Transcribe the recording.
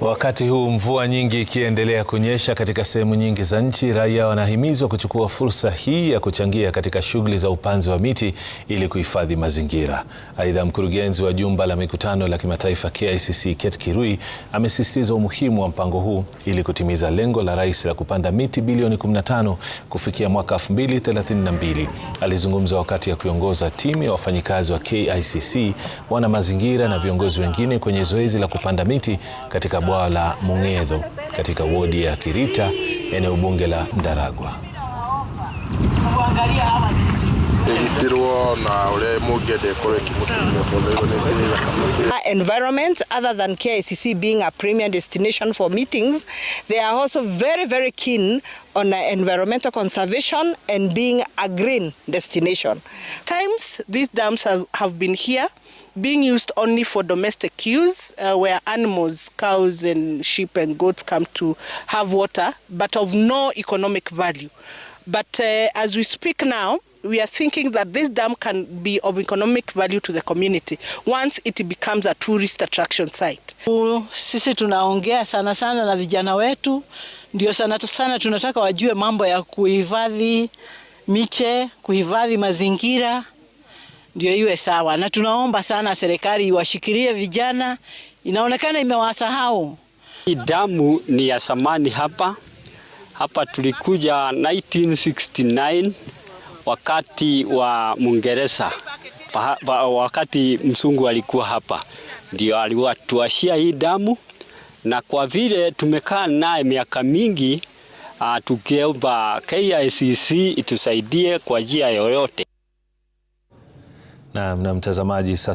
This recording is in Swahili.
Wakati huu mvua nyingi ikiendelea kunyesha katika sehemu nyingi za nchi, raia wanahimizwa kuchukua fursa hii ya kuchangia katika shughuli za upanzi wa miti ili kuhifadhi mazingira. Aidha, mkurugenzi wa jumba la mikutano la kimataifa KICC Kate Kirui amesisitiza umuhimu wa mpango huu ili kutimiza lengo la rais la kupanda miti bilioni 15 kufikia mwaka 2032. Alizungumza wakati ya kuiongoza timu ya wafanyikazi wa KICC, wana mazingira na viongozi wengine kwenye zoezi la kupanda miti katika katika bwawa la Mung'etho katika wodi ya Kirita eneo bunge la Ndaragwa. Environment other than KICC being a premier destination for meetings they are also very very keen on environmental conservation and being a green destination. Times these dams have, have been here being used only for domestic use uh, where animals, cows and sheep and goats come to have water, but of no economic value. But uh, as we speak now, we are thinking that this dam can be of economic value to the community once it becomes a tourist attraction site. Sisi tunaongea sana sana na vijana wetu, ndio sana sana tunataka wajue mambo ya kuhifadhi miche, kuhifadhi mazingira ndio iwe sawa, na tunaomba sana serikali iwashikilie vijana, inaonekana imewasahau. Hii damu ni ya samani hapa hapa. Tulikuja 1969 wakati wa Mwingereza, wakati msungu alikuwa hapa, ndio aliwatuashia hii damu, na kwa vile tumekaa naye miaka mingi, ah, tukiomba KICC itusaidie kwa njia yoyote. Na, na mtazamaji sasa